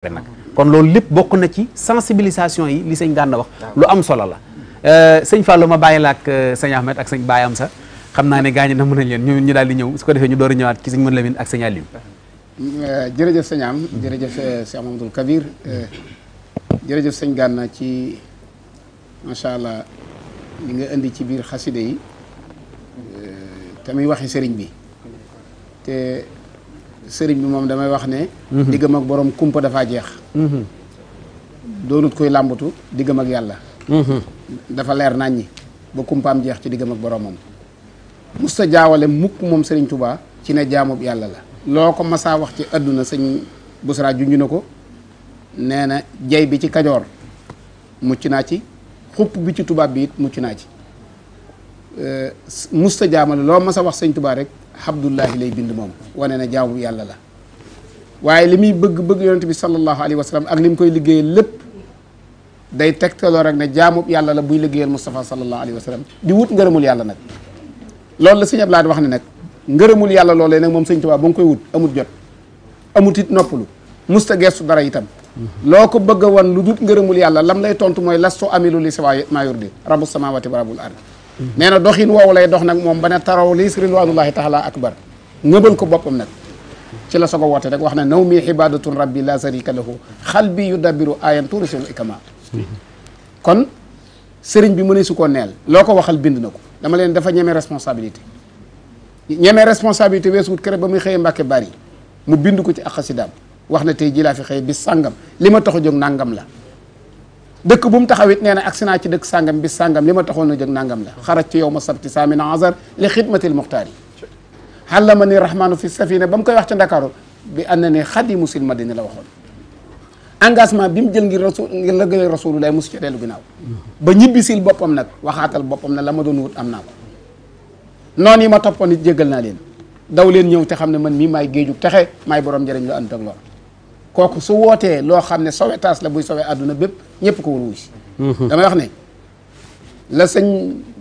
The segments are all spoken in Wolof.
nag kon loolu lépp bokk na ci sensibilisation yi li sëñ Gana wax lu am solo la euh, sëñ Fallou ma bàyyi la ak euh, sëñ Ahmed ak sëñ Baye Amsa xam naa ne gaañu na mun nañ leen ñu ñu daal di ñëw su ko defee ñu door a ñëwaat ci sëñ Mën Lamine ak sëñ Aliou euh, jërëjëf sëñ Am jërëjëf sëñ Amadou jërëjëf sëñ ci macha allah li nga indi ci biir xaside yi te muy waxi sëriñ bi te sëriñ bi moom damay wax ne mhm. diggam ak borom kumpa dafaa jeex mhm. doonut koy làmbatu diggam ak yàlla mhm. dafa leer naññi ba kumpaam jeex ci diggam ak boromam musta jaawale mukk moom sëriñ Touba ci ne jaamub yàlla la loo ko masaa wax ci àdduna sëñ Busra junj na ko nee na jay bi ci kajoor mucc naa ci xupp bi ci tubaab bi it mucc naa ci euh, musta jaamale loo mas a wax sëñ tubaa rek Abdullahi lay bind moom wane na jaamu yàlla la waaye li muy bëgg bëgg yonent bi sallallahu alayhi wa sallam ak li mu koy liggéeyal lépp day tegtaloo rek ne jaamub yàlla la buy liggéeyal Mustafa sallallahu alayhi wa sallam di wut ngërëmul yàlla nag. loolu la sëñ Abdoulaye wax ne nag ngërëmul yàlla loolee nag moom sëñ waa ba nga koy wut amut jot amut it noppalu musta gestu dara itam. loo ko bëgg a lu dut ngërëmul yàlla lam lay tontu mooy lastu amilu li sawa maa yurdi rabbu samawati wa rabbul ardi nee na doxin woowu lay dox nag moom ba ne taraw lii ridwanullahi taala akbar ngëbal ko boppam nag ci la soog a woote rek wax na naw mi xibadatun rabbi la sharika lahu xal bi yu dabiru ayan tourisul ikama kon sëriñ bi mëne su koo loo ko waxal bind na ko dama leen dafa ñeme responsabilité ñeme responsabilité weesuwut kër ba muy xëyee mbàkke bari mu bind ko ci ak xasidaam wax na tey ji laa fi xëy bi sàngam li ma tax a jóg nàngam la dëkk bu mu taxawit nee na agsi naa ci dëkk sàngam bi sàngam li ma taxoon na jëg nangam la xaraj ci yow ma sabti saamina azar li xidmatil muxtaar yi xàllama ni rahmaanu fi safina ba mu koy wax ca ndakaaru bi ànd na ne xadimu ma madina la waxoon engagement bi mu jël ngir rasul ngir lëggale rasulullah mosu ca dellu ginnaaw ba ñibbi sil boppam nag waxaatal boppam na la ma doon wut am naa ko noonu yi ma toppoon it jéggal naa leen daw leen ñëw te xam ne man mii maay géejug texe maay borom njëriñ la ànd ak kooku su wootee loo xam ne sowe taas la buy sowe àdduna bépp ñëpp ko wul wuy mhm. damay wax ne la sëñ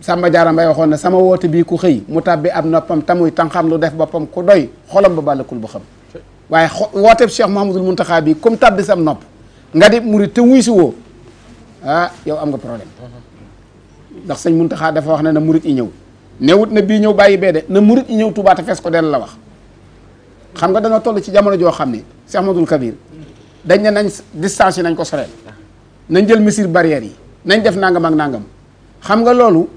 Samba Diarra Mbaye waxoon ne sama woote bii ku xëy mu tàbbi ab noppam tamuy tanxam lu def boppam ku doy xolam ba bàllakul ba xam waaye wooteeb Cheikh Mouhamadul xaa bi comme tàbbi sam nopp nga di murit te wuy si woo ah, yow am nga problème ndax sëñ Mountakha dafa wax ne na murit yi ñëw newut na bii ñëw bàyyi bee de na murit yi ñëw Tuubaa te fees ko del la wax xam nga danga toll ci jamono joo xam ni Cheikh Ahmadoul Kabir dañ ne nañ distance yi nañ ko soreel nañ jël mesures barrières yi nañ def nangam ak nàngam xam nga loolu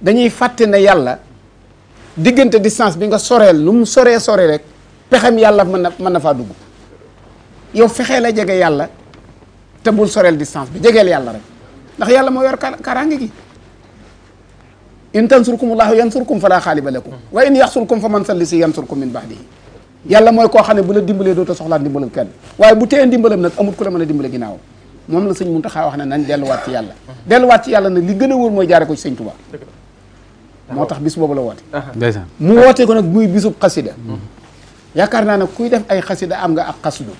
dañuy fàtte na yàlla diggante distance bi nga soreel lu mu soree sore rek pexem yàlla mën na mën na faa dugg yow fexee la jege yàlla te bul soreel distance bi jegeel yàlla rek ndax yàlla moo yor kaaraange gi in tansurkum allahu yansurkum fala xaaliba lakum wa in yaxsulkum fa man sallisi yansurkum min baxdihi yàlla mooy koo xam ne bu la dimbalee doota soxlaa dimbalal kenn waaye bu téyee dimbalam nag amut ku la mën a dimbale ginnaaw moom la sëñ Muntaxa wax ne nañ delluwaat ci yàlla delluwaat ci yàlla nag li gën a wóor mooy jaare ko ci sëñ Tuubaa moo tax bis boobu la woote mu wootee ko nag muy bisub xasida yaakaar naa nag kuy def ay xasida am nga ak xasdu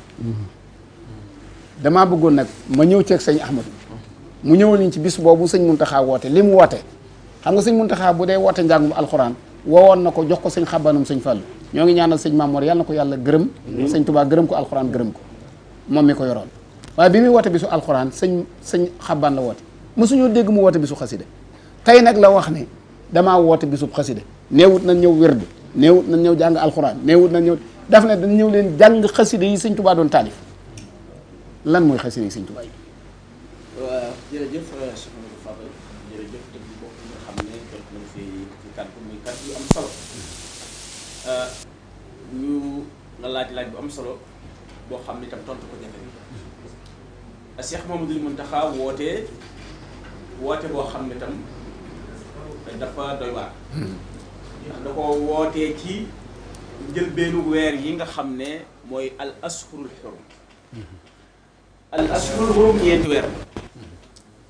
damaa bëggoon nag ma ñëw ceeg sëñ Ahmadu mu ñëwal ñu ci bis boobu sëñ Muntaxa woote li mu woote xam nga sëñ Muntaxa bu dee woote njàngum alxuraan woowoon na ko jox ko sëñ xabanum sañ Fàllu ñoo ngi ñaanal sañ Maamoor yàlla na ko yàlla gërëm sañ Tubaa gërëm ko alxuraan gërëm ko moom mi ko yoroon waaye bi muy woote bi su alxuraan sañ sëñ xaban la woote mësuñoo dégg mu woote bi su xasida tey nag la wax ne damaa woote bi su xasida neewut na ñëw wérdu neewut na ñëw jàng alxuraan neewut na ñëw daf ne dañ ñëw leen jàng xasida yi sëñ Tubaa doon taalif lan mooy xasida yi sëñ nga laaj laaj bu am solo boo xam ne itam tontu ko jafe a Cheikh Mamadou Mountakha wootee woote boo xam ne tam dafa doy waar ndax da ko wootee ci njëlbeenu weer yi nga xam ne mooy al ashurul xurum al ashurul xurum ñeenti weer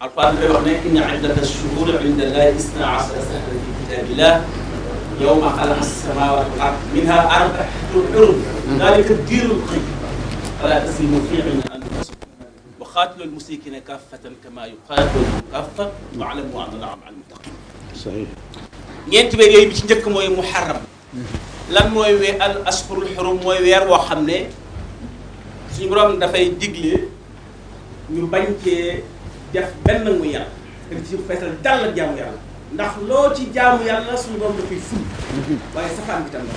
alquran wax ne inna iddata shuhur inda allahi isna ashara sahran fi yawma xalaqa samaawaati wal arda minhaa arbaatun hurum daalika diinul qayyim falaa tazlimu fiihinna anfusakum wa qaatilul mushrikiina kaaffatan kamaa yuqaatilunakum kaaffatan wa'lamu anna Allaaha ma'al muttaqiin. sahih. ñeenti weer yooyu bi ci njëkk mooy muharram. lan mooy we al ashhurul hurum mooy weer woo xam ne suñu borom dafay digle ñu bañ cee def benn mu yàlla dafa ci feesal dal la jaamu yàlla. ndax loo ci jaamu yàlla suñu borom da koy ful waaye safaan bi tam la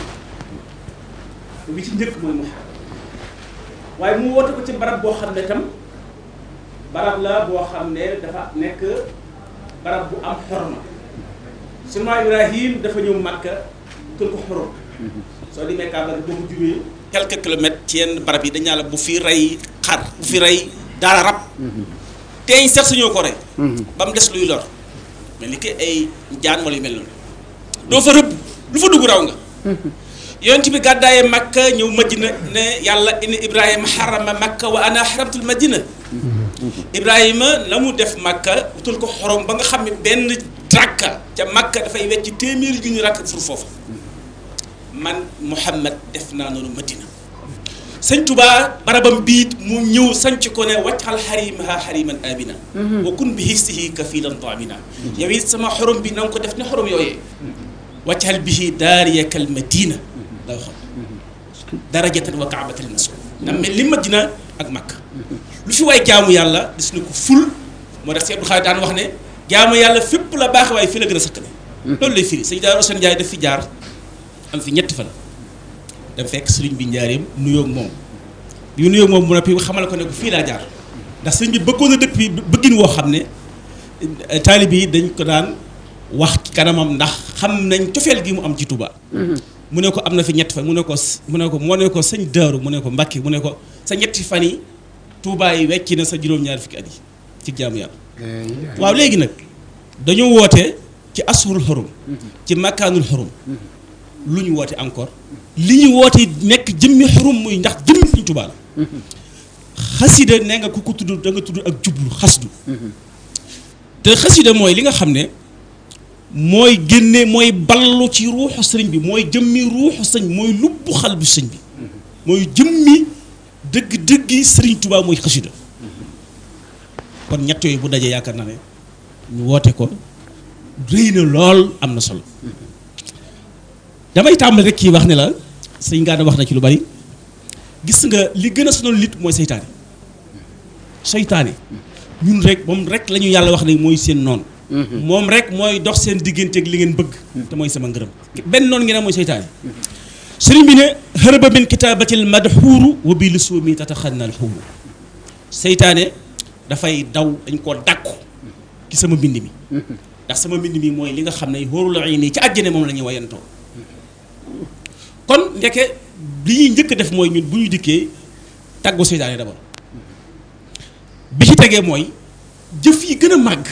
bi ci njëkk mooy muharram waaye mu woote ko ci barab boo xam ne tam barab la boo xam ne dafa nekk barab bu am xorma seulement Ibrahim dafa ñëw Makka kër ko xorom soo demee Kaaba boo ko jubee ci yenn barab yi dañ la bu fi rey xar bu fi rey daara rab mhm. teeñ set suñoo ko rey mhm. ba mu des luy lor mais li koy ay jaan wala yu mel noonu doo fa rëbb lu fa dugg raw nga yonent bi gàddaaye makka ñëw madina ne yàlla inni ibrahim xarama makka wa ana xaramtul madina ibrahima la mu def makka utal ko xorom ba nga xam ne benn rakka ca makka dafay wecc téeméeri junni rakka pour foofu man muhammad def naa noonu madina sëñ tubaa barabam biit mu ñëw sanc ko ne waccal xarim ha xariman amina mhm. wa kun bi hissihi kafilan damina yow it sama xorom bi na ko def ne xorom yooyee waccal bi daariyakal madina la waxam darajatan wa kaabatal masul ndax mel li dina ak makka lu fi waay jaamu yàlla dis na ko ful moo tax si Abdou Xaadir daan wax ne jaamu yàlla fépp la baax waaye fi la gën a sëkk ne mhm. loolu lay firi sëñ Daaru Asan Njaay daf fi jaar am fi ñetti fan dem fekk sëriñ bi njaareem nuyoo moom yu nuyoo ak moom mu noppi xamal ko ne ko fii laa jaar ndax sëriñ bi bëggoon a dëkk bi bëggin woo xam ne eh, taalib yi dañ ko daan wax kanamam ndax xam nañ cofeel gi mu am ci Touba. Mm-hmm. mu ne ko am na fi ñett fan mu ne ko mu ne ko moo ne sëñ Daaru mu ne ko Mbàkke mu ne ko sa ñetti fa yi tuubaa yi wecci na sa juróom-ñaar fukki at yi ci jaamu yàlla. Eh, waaw léegi nag dañoo woote ci asurul xorum. Mm-hmm. ci makkaanul xorum. Mm-hmm. lu ñu woote encore li ñu woote nekk jëmmi xurum muy ndax jëmmi Sëriñ Tuubaa la xasida nee nga ku ko tudd danga tudd ak jublu xasdu te xasida mooy li nga xam ne mooy génne mooy ballu ci ruuxu sëriñ bi mooy jëmmi ruuxu sëñ mooy lubbu xal bu sëñ bi mooy jëmmi dëgg-dëggi Sëriñ Tuubaa mooy xasida kon ñett yooyu bu dajee yaakaar naa ne ñu woote ko rëy lool am na solo damay tàmbali rek kii wax ne la sëñ Gana wax na ci lu bari gis nga li gën a sonal lit mooy seytaane seytaane ñun rek moom rek lañu yàlla wax ne mooy seen noon mhm. moom rek mooy dox seen diggante ak li ngeen bëgg. te mooy sama ngërëm. benn noon ngi am mooy seytaane. Mhm. sëriñ bi ne hërëba min kitaabatil madxuuru wa bi lusuumi tataxanna alxuuru seytaane dafay daw dañ koo dàkku ci sama mbind mi. Mhm. ndax sama mbind mi mooy li nga xam ne xóorul ay nii ci àjjane moom la ñuy wayantoo. kon ndeke bi ñuy njëkk def mooy ñun bu ñu dikkee tàggoo seytaane d'abord bi ci tegee mooy jëf yi gën a màgg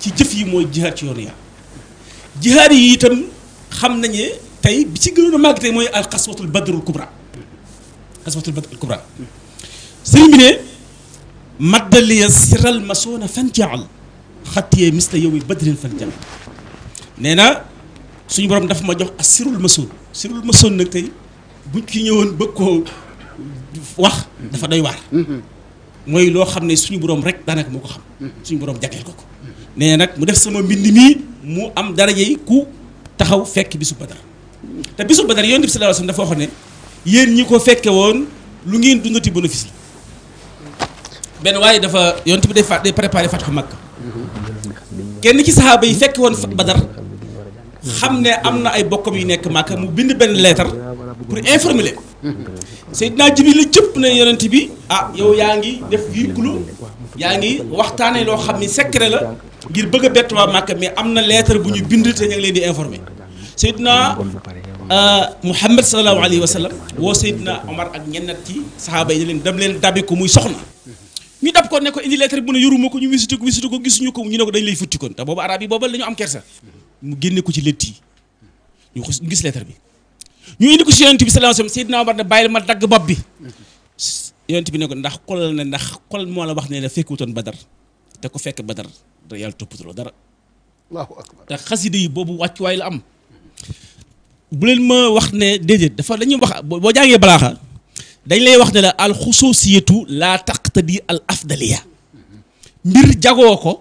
ci jëf yi mooy jihaad ci yoonu yàlla jihaad yi itam xam nañu ne tey bi ci gënoon a màgg tey mooy al xaswatul badrul kubra xaswatul badrul kubra sëriñ bi ne maddaliya siral masoona fanjaal xattiyee misla yow yi badrin fanjaal nee na suñu borom dafa ma jox asirul masoon su lu ma sonn nag tey buñ ci ñëwoon bëgg koo wax. dafa doy waar. mooy loo xam ne suñu borom rek daanaka moo ko xam. suñu borom jagleel ko ko. nee nag mu def sama mbind mii mu am daraje ku taxaw fekk bisu Badar te bisu Badar yonent bi sallallahu alayhi wasallam dafa waxoon ne yéen ñi ko fekke woon lu ngeen dundati bénéfice la. benn waaye dafa yonent bi day fa day préparé Fathu Makka mm-hmm. kenn ci saxaaba yi fekk woon Badar xam ne am na ay bokkam yu nekk Màkka mu bind benn leetar pour informer leen naa Jibril la cëpp na yonent bi ah yow yaa ngi def véhicule yaa ngi waxtaanee loo xam ni secret la ngir bëgg a bett waa Màkka mais am na leetar bu ñu bind te ñu ngi leen di informer Seydina euh, Muhammad sallallahu alayhi wa sallam woo Seydina Omar ak ñenn ci saxaaba yi leen dem leen dabi ko muy soxna. ñu dab ko ne indi leetar bi mu ne yoruma ko ñu wisitu ko gisuñu ko ñu ne ko dañ mu génne ko ci lëtt yi ñu gis lettre bi ñu indi ko si yonent bi sallallahu alayhi wasallam Seydina Omar ne bàyyil ma dagg bopp bi yonent bi ne ko ndax xol ne ndax xol moo la wax ne la fekkutoon Badar te ko fekk Badar dara yàlla toppatuloo dara allahu akbar te xasida yi boobu wàccuwaay la am bu leen ma wax ne déedéet dafa dañuy wax boo jàngee balaaxa dañ lay wax ne la al xususiyatu laa taqtadi al afdaliya mbir jagoo ko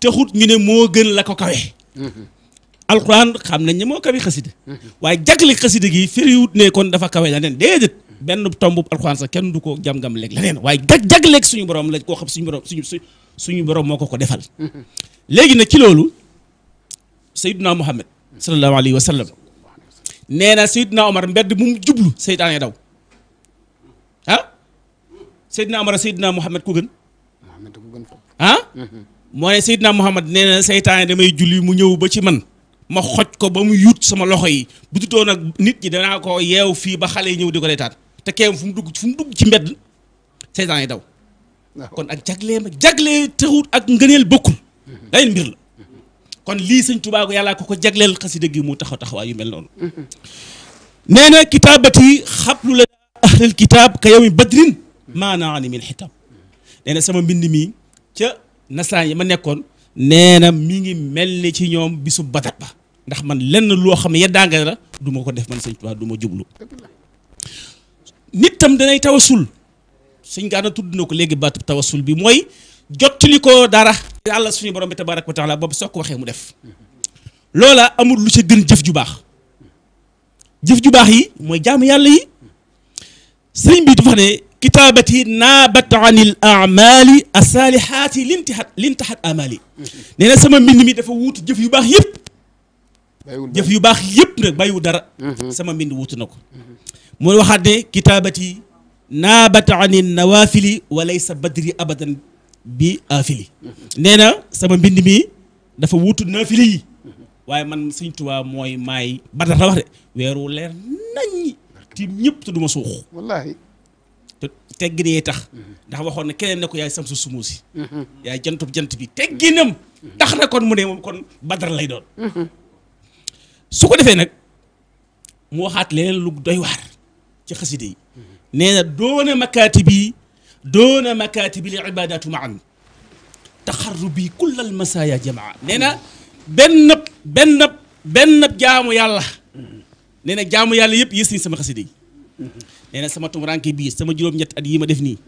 te xut ñu ne moo gën la ko kawe mm-hmm. alxuraan xam nañ ne moo kawe xasida waaye jagle xasida gi firiwut ne kon dafa kawe la neen déedéet benn tomb alxuraan sax kenn du ko jam-gam leeg leneen waaye jag jagleeg suñu borom la ko xam suñu borom suñu suñu borom moo ko ko defal léegi nag ci loolu sayyiduna muhammad sallallahu alayhi wa sallam na sayyiduna omar jublu seytaane daw ah sayyiduna omar sayyiduna muhammad ku gën ah moo ne sayyiduna muhammad nee na seytaane damay julli mu ñëw ba ci man ma xoj ko ba mu yuut sama loxo yi bu tutoo nag nit ñi danaa ko yeew fii ba xale yi ñëw di ko reetaan te keem fu mu dugg fu mu dugg ci mbedd seytaan yi daw kon ak jaglee ma jaglee taxut ak ngëneel mhm. mbir la kon lii sëñ Tuubaa ko yàllaa ko ko jagleel xasida gi mu taxaw yu mel noonu mhm. na kitaabati xablu la ahlal kitaab sama mbind mi ca nasaan yi ma nekkoon nee na ngi mel ni ci ñoom bisu badat ba ndax man lenn loo xam ne yeddaange la duma ko def man sëñ Tuubaa duma ma jublu nit tam danay tawasul sëñ gaana tudd na ko léegi baatu tawasul bi mooy jottali ko dara yàlla suñu borom bi tabaaraka wa boobu soo ko waxee mu def loola amul lu ca gën jëf ju baax jëf ju baax yi mooy jaamu yàlla yi sëriñ bi dafa ne kitaabati naabat anil amali asalihaati lintihat lintahat amali mm-hmm. nee na sama mbind mi dafa wuutu jëf yu baax yëpp jëf yu baax yëpp nag bàyyiwul dara mhm. sama mbind wutu na ko mu waxaat ne kitaabati naabat ani nawaafili sa badri abadan bi aafili mhm. nee na sama mbind mi dafa wutu naafili yi waaye man Sëñ Tuubaa mooy maay badar la wax de weeru leer naññi tiim ñëpp te du ma suux wallaahi te yee tax mhm. ndax waxoon na keneen ne ko yaay sam su sumuu si yaay jantub jant bi tegginam tax na kon mu ne moom kon badar lay doon su ko defee nag mu waxaat leneen lu doy waar ci xaside yi nee na doona makaatibi doona makaatibi li ibadatu maan taxarrubi kull al masaya jamaa nee na benn benn benn jaamu yàlla nee na jaamu yàlla yëpp yës nañ sama xaside yi nee sama tumuranke bii sama juróom-ñett at yi ma def nii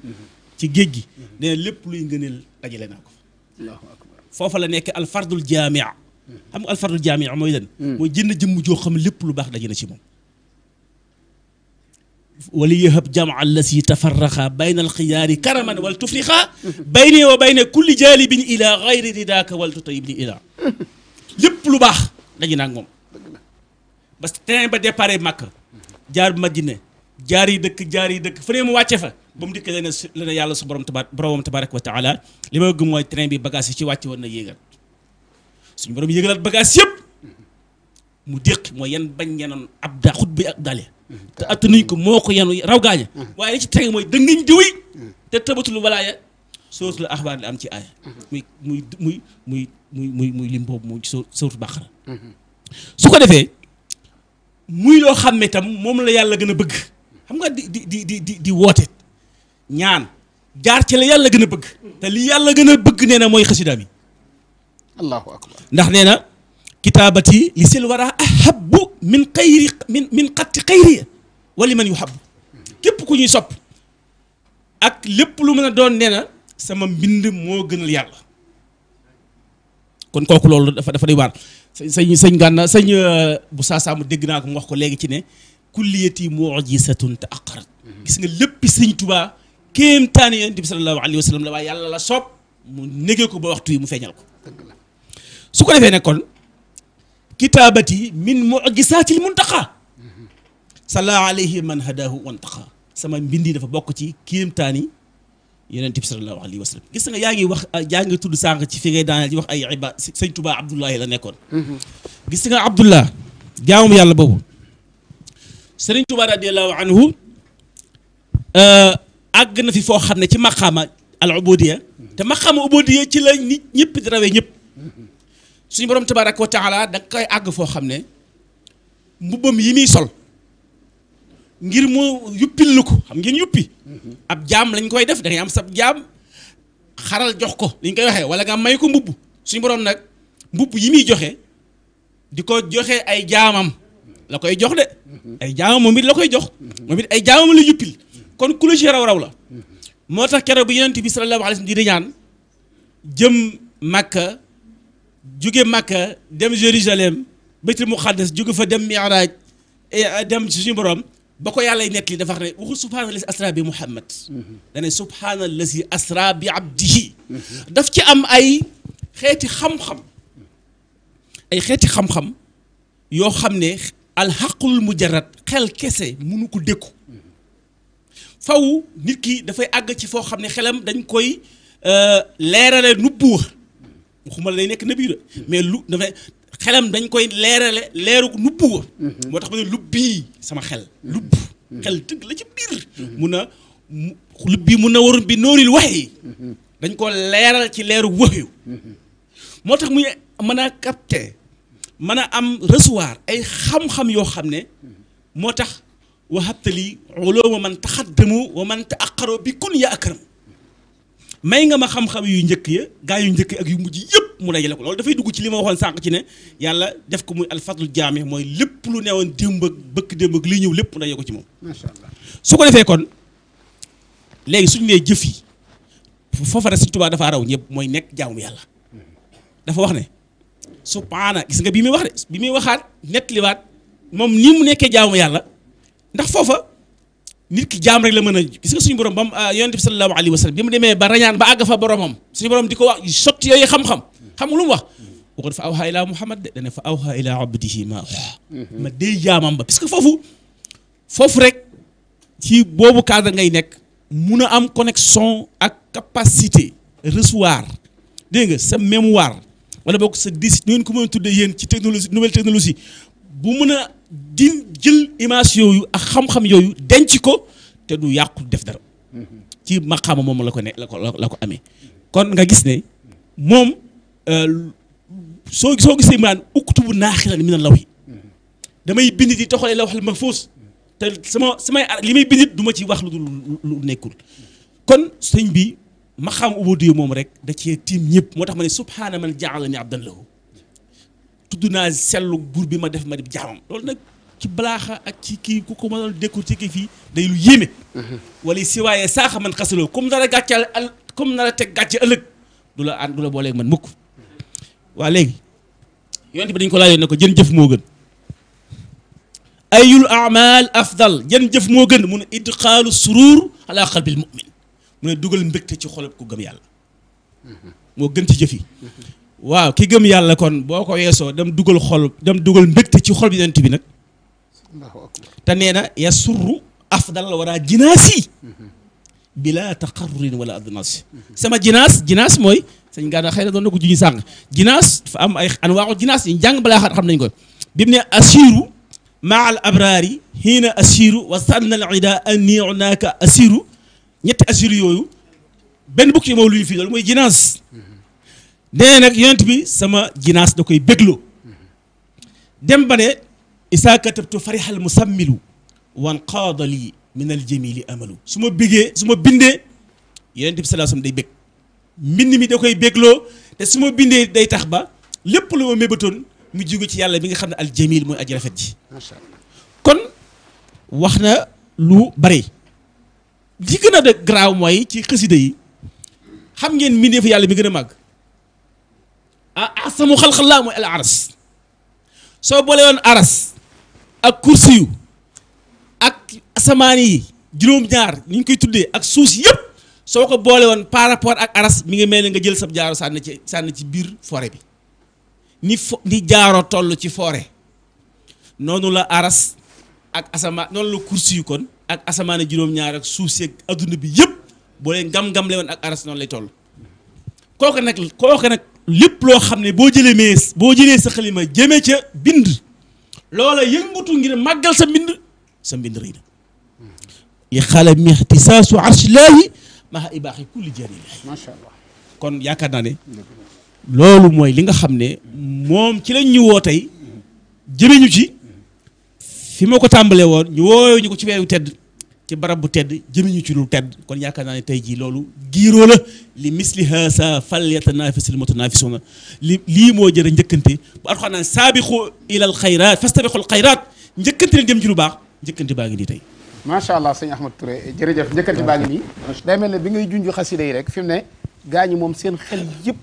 ci géej gi nee lépp luy ngëneel dajale naa ko foofa la nekke al fardul jaamia am alfardul jaami mooy lan hmm. mooy jënn jëmm joo xam lépp lu baax daje na ci moom wala yëhab jam allasi tafarraxa bayna alxiyaari karaman wal tufrixa bayne wa bayne kulli jalibin ila gayri ridaaka wal tutayib ni ila lépp lu baax daje naa ak moom parce que terrain ba départ Makka jaar Madina jaar yi dëkk jaar yi dëkk fu ne mu wàcce fa ba mu dikkee leen yàlla su borom tabaar boromam tabaaraka wa taala li ma gëm mooy train bi bagage yi ci wàcce woon na yéegal suñu borom yëgalaat bagaas yëpp mu déqi mooy yan bañ yanoon ab da xut bi ak dale te attanuñ ko moo ko yanu raw gaaña waaye li ci tege mooy dëngañ diwi te tabatul walaaya sootu la axbaar li am ci aaya muy muy muy muy muy muy muy lim boobu mu so sootu bàqara su ko defee muy loo xam ne tam moom la yàlla gën a bëgg xam nga di di di di di woote ñaan jaar ci la yàlla gën a bëgg te li yàlla gën a bëgg nee na mooy xasida mi allahu ndax nee na kitaabati li sil wara ahabu min xayri min min xatti xayri wali man yu xab képp ku ñuy sopp ak lépp lu mën a doon nee na sama mbind moo gënal yàlla kon kooku loolu dafa dafa day waar sëñ sëñ gànna sëñ euh, bu saasaamu dégg naa ko mu wax ko léegi ci ne kulliyati mujisatun te aqarat gis nga léppi sëñ tubaa kéemtaani yonent bi sallallahu alayhi wa sallam la yàlla la soob mu négee ko ba waxtu yi mu feeñal ko su ko nekkoon ne kon kitaabati min mu'jisaatil muntaqa salla alayhi man hadahu wantaqa sama mbindi dafa bokk ci kéemtaani yonent bi sallallahu alayhi wa sallam gis nga yaa ngi wax yaa tudd sànq ci fi ngay daaneel ci wax ay ibaad sëñ Tuubaa Abdullahi la nekkoon gis nga Abdullah jaamum yàlla boobu sëriñ Tuubaa radiyallahu anhu euh, àgg na fi foo xam ne ci maqaama al ubudiya te maqaama ubudiya ci la nit ñëpp di rawee ñëpp suñu borom tabaaraka wa taala da koy àgg foo xam ne mbubbam yi muy sol ngir mu yuppil lu ko xam ngeen yuppi ab jaam lañ koy def da am sab jaam xaral jox ko liñ koy waxee wala nga may ko mbubb suñu borom nag mbubb yi muy joxe di ko joxe ay jaamam la koy jox de ay jaamam moom it la koy jox moom it ay jaamam la yuppil kon ku la ci raw raw la moo tax keroog bi yonent bi sallallahu alayhi wa sallam di riñaan jëm Makka jóge Makka dem Jérusalem baytul muqaddas jóge fa dem Mi'raaj eh, dem ci suñu borom ba ko yàlla nekk li dafa wax ne waxul subhaana lasi asra bi Muhammad mhm. dane subhaana lasi asra bi abdihi mhm. daf ci am ay xeeti xam-xam ay xeeti xam-xam yoo xam ne alxaqul mujarrad xel kese munu ko dékku mhm. faw nit ki dafay àgg ci foo xam ne xelam dañ koy euh, leerale nubbuwa waxuma la nekk nabi la mais lu dafa xelam dañ koy leerale leeru nubbu ko mhm. moo tax ma ne lubbii sama xel lubb mhm. xel dëgg la ci biir mun a lubbii mun na warun bi nooril waxyi mhm. dañ ko leeral ci leeru waxyu moo tax muy mën a capter mën a am recevoir ay xam-xam yoo xam ne moo tax wahabtali uluma man taxaddamu wa man taaqaro bi kun ya may nga ma xam-xam yu njëkk ya gaa yu njëkk ak yu mujj yëpp mu dajale ko loolu dafay dugg ci li ma waxoon sànq ci ne yàlla def ko muy alfadlul jaami mooy lépp lu neewoon démb ak bëkk démb ak li ñëw lépp mu dajale ko ci moom. macha allah su ko defee kon léegi suñu nee jëf yi foofa rek Sëñ Tuubaa dafa raw ñëpp mooy nekk jaamu yàlla dafa wax ne su subhaana gis nga bi muy wax de bi muy waxaat nettaliwaat moom ni mu nekkee jaamu yàlla ndax foofa. nit ki jaam rek la mën a gis nga suñu borom bam ah, yonent bi sallallahu alayhi wa bi mu demee ba rañaan ba àgg fa boromam suñu borom di ko wax sotti yooyu xam-xam xam nga wa mu wax waxoon fa awha ila muhammad de dane fa awha ila abdihi mhm. ma jaamam ba parce que foofu foofu rek ci boobu cadre ngay nekk mun a am connexion ak capacité recevoir dégg nga sa mémoire wala boog sa dis nu ngeen ko mën a tuddee yéen ci technologie nouvelle technologie bu mën di jël image yooyu ak xam-xam yooyu denc ko te du yàqu def dara ci maqaama moom la ko ne la ko la ko amee kon nga gis ne moom euh, soo soo gisee maanaam uktubu naaxilan min allahi damay bind di toxalee ma mahfuus te sama samay li may bind duma ma ci wax lu dul lu nekkul kon sëñ bi maqaam ubudiyu moom rek da cee tiim ñëpp moo tax ma ne subhaana man jaalani abdan lahu tudd naa sellu buur bi ma def ma di jaamam lool nag ci balaaxa ak ci kii ku ko mënoon décortiquer fii day lu yéeme. wala si waaye saaxa man xasaloo comme nar a comme nar teg gàcce ëllëg du la ànd la booleeg man mukk waa léegi yonent bi dañ ko laajoon ne ko jën jëf moo gën ayul amal afdal jën jëf moo gën mu ne idqaalu surur ala qalbil mu'min mu ne dugal mbégte ci xolab ko gëm yàlla moo gën ci jëf yi waaw ki gëm yàlla kon boo ko weesoo dem dugal xol dem dugal mbégte ci xol bi yonent bi nag te nee na yasurru afdal wara jinaasi bila taqarrurin wala adnas sama jinaas jinaas mooy sañ gaana xëy na doon na ko juñu sàng jinaas dafa am ay anwaaru jinaas yi jàng balaa xam nañ ko bi mu ne asiru maa al abraari hiina asiru wa sanna al ida anni ñetti asiru yooyu ben bukki moo luy fii loolu mooy jinaas nee nag yonent bi sama jinaas da koy bégloo dem ba ne isaa katabtu farihal musammilu wan qaada lii min al jamili amalu su ma biggee su ma bindee yonent bi day bég mbind mi da koy bégloo te su bindee day tax ba lépp lu ma mébatoon mu jóge ci yàlla bi nga xam ne al jamil mooy a rafet ji kon wax na lu bari li gën a de garaaw mooy ci xasida yi xam ngeen mbindeefu yàlla mi gën a màgg Ah, ah asamu xalxalaa mooy al aras soo boole woon aras ak kursi yu ak asamaan yi juróom-ñaar ni ñu koy tuddee ak suus yëpp soo ko boole woon par rapport ak aras mi ngi mel ne nga jël sab jaaro sànni ci sànni ci biir forêt bi ni fo ni jaaro toll ci forêt noonu la aras ak asamaan noonu la kursi yu kon ak asamaan juróom-ñaar ak suus yeeg adduna bi yëpp boo leen ngam-ngam le woon ak aras noonu lay toll kooku nag kooku nag. lépp loo xam ne boo jëlee mees boo jëlee sa xalima jëmee ca bind loola yëngutu ngir màggal sa mbind sa mbind rëy na li xaalam ixtisaasu arshilaahi maha ibaaxi kulli jaanilahi maa sha kon yaakaar naa ne loolu mooy li nga xam ne moom ci lañ ñu woo tey jëme ñu ci fi ma ko tàmbalee woon ñu wooyoo ñu ko ci weeru tedd ci barab bu tedd ñu ci lu tedd kon yaakaar naa ne tey jii loolu giiroo la li misli haasa fal yatanaafisul mutanaafisuuna li lii moo jëre njëkkante bu arxaan naan saabiqu ilal xayraat fastabiqul xayraat njëkkante leen jëm ci lu baax njëkkante baa ngi nii tey macha allah sëñ Ahmad Touré jërëjëf njëkkante baa ngi nii day mel ne bi ngay junj xasida yi rek fi mu ne gaa ñi moom seen xel yëpp